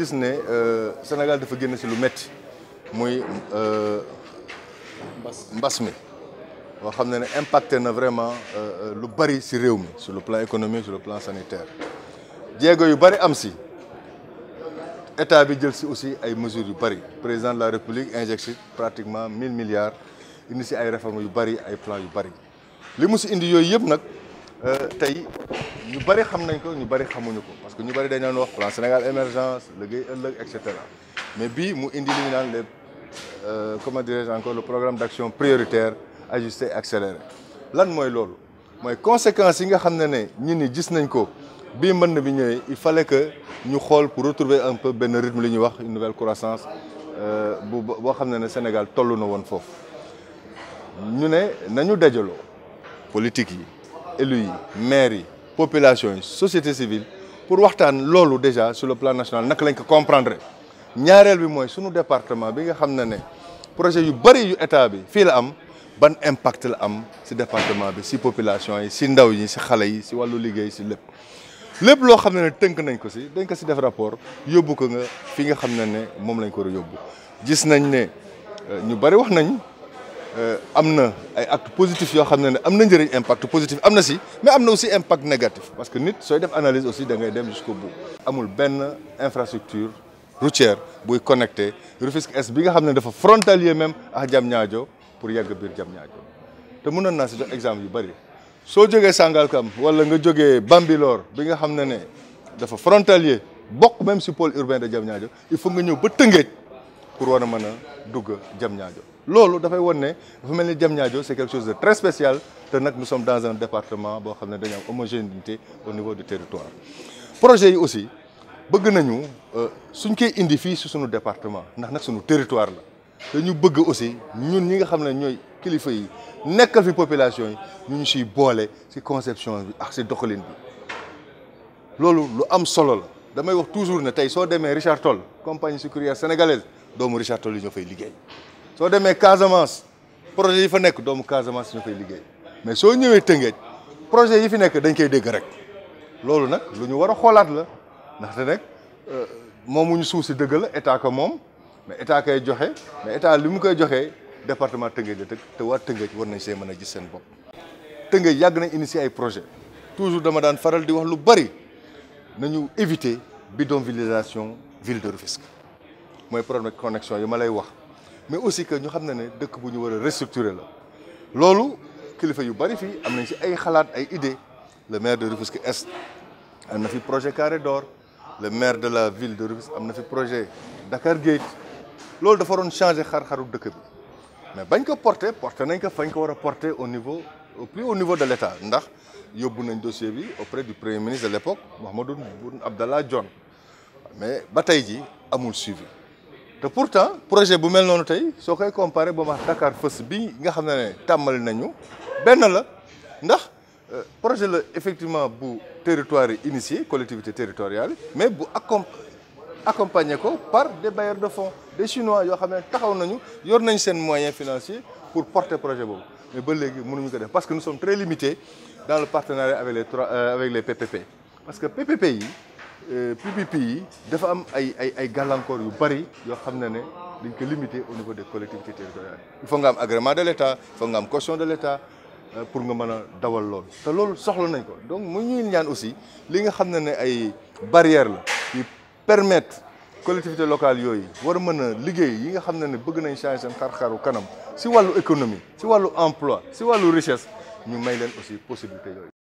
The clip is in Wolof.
gis ne euh, Sénégal dafa génn ci lu métti muy euh, mbas mi boo xam ne impacté na vraiment euh, lu bari ci réew sur le plan économique sur le plan sanitaire diego yu bari am si état bi jël aussi ay mesures yu bari président de la république injecté pratiquement 1000 milliards indi si ay réformes yu bari ay plans yu bari li mu si indi yoy euh, tay ñu bari xam nañ ko ñu bari xamuñu ko parce que ñu bari dañ naan wax plan Sénégal émergence le ëllëg et cetera mais bi mu indi li naan les euh, comment dirais-je encore le programme d'action prioritaire ajusté accéléré lan moy lolu moy conséquence yi nga xam ne ne ñi ni gis nañ ko bi mënd bi ñëwee il fallait que ñu xol pour retrouver un peu ben rythme li ñu wax une nouvelle croissance euh, bu bo xam ne Sénégal tollu na won foofu ñu ne nañu dajaloo politique yi élus, maires, population société civile pour waxtaan lolo déjà sur le plan national nous comprendre Nous notre département bi nga projet yu l'État, yu am impact sur am département sur ci population sur les ndaw sur les sur les gens, ci rapports, nous nañ ko ci rapport ko nga euh, am ay actes positifs impact positif am si mais am aussi impact négatif parce que nit soy def analyse aussi da ngay dem jusqu'au bout amul ben infrastructure routière buy connecté Rufisque Est bi nga xamné ne dafa frontalier même à Diamniadio pour yegg biir Diamniadio te mënoon na ci exemple yu bëri soo jógee Sangalkam wala nga jógee Bambilor bi nga xamné né dafa frontalier bok même ci pôle urbain de Diamniadio il faut nga ñëw ba Tëngéej pour war mëna mën a dugg Diamniadio loolu dafay won ne dafa mel ni Diamniadio c'est quelque chose de très spécial te nag nous sommes dans un département boo xam dañu am homogénéité au niveau du territoire projet yi aussi bëgg nañu euh, suñ koy indi fii si suñu département ndax nag suñu territoire la dañu bëgg aussi ñun ñi nga xam ne ñooy kilifa yi nekkal fi population yi ñu ñu siy boole si conception bi ak si doxalin bi loolu lu am solo la damay wax toujours ne tey soo demee Richard Toll compagnie sucrière sénégalaise doomu Richard Toll yi ñoo fay liggéey soo demee Casamance projet yi fa nekk doomu Casamance ñu koy liggéey mais so ñëwé Tëngéej projet yi fi nekk dañ koy dégg rek lolu nak luñu wara xolaat a xoolaat la ndaxte nag euh, momu ñu si dëgg la état ko mom mais état kay joxé mais état limu koy joxé département Tëngéej la tëgg te waa Tëngéej war nañ sé mëna gis seen bop Tëngéej yag na initier ay projet toujours dama daan faral di wax lu bari nañu éviter bidonvillisation ville de Rufisque mooy problème connexion yi ma lay wax mais aussi que nous avons que de dëkk bu restructurer la loolu est yu bari fii am nañ ci ay idées le maire de Rufisque Est a fait fi projet Carré d'Or le maire de la ville de Rufisque a fait fi projet Dakar Gate loolu dafa waroon changer xar-xaru dëkk bi mais bañ ko porter porté, nañ ko fañ ko au niveau au plus haut niveau de l'État ndax yóbbu un dossier auprès du premier ministre de l'époque Mahamadou Abdallah John. mais la bataille ji amul suivi Pourtant, pourtant projet bu mel avons tey soo comparé à ma Dakar Fës bi nga à ne nañu benn la euh, projet est effectivement bu territoire initié, initié collectivité territoriale mais bu est accompagné par des bailleurs de fonds des chinois qui ont ne taxaw moyens financiers pour porter le projet mais parce que nous sommes très limités dans le partenariat avec les PPP euh, parce que PPP PPP euh, yi dafa am ay ay ay gàllankoor yu bari yoo xam ne ne dañ ko limiter au niveau des collectivités territoriales il faut nga am agrément de l'État il faut nga am caution de l'État euh, pour nga mën a dawal lool te loolu soxla nañ ko donc mu ñuy ñaan aussi li nga xam ne ne ay barrières la yu permettre collectivités locales yooyu war a mën a liggéey yi nga xam ne ne bëgg nañ changer seen xar-xaru kanam si wàllu économie si wàllu emploi si wàllu richesse ñu may leen aussi possibilité yooyu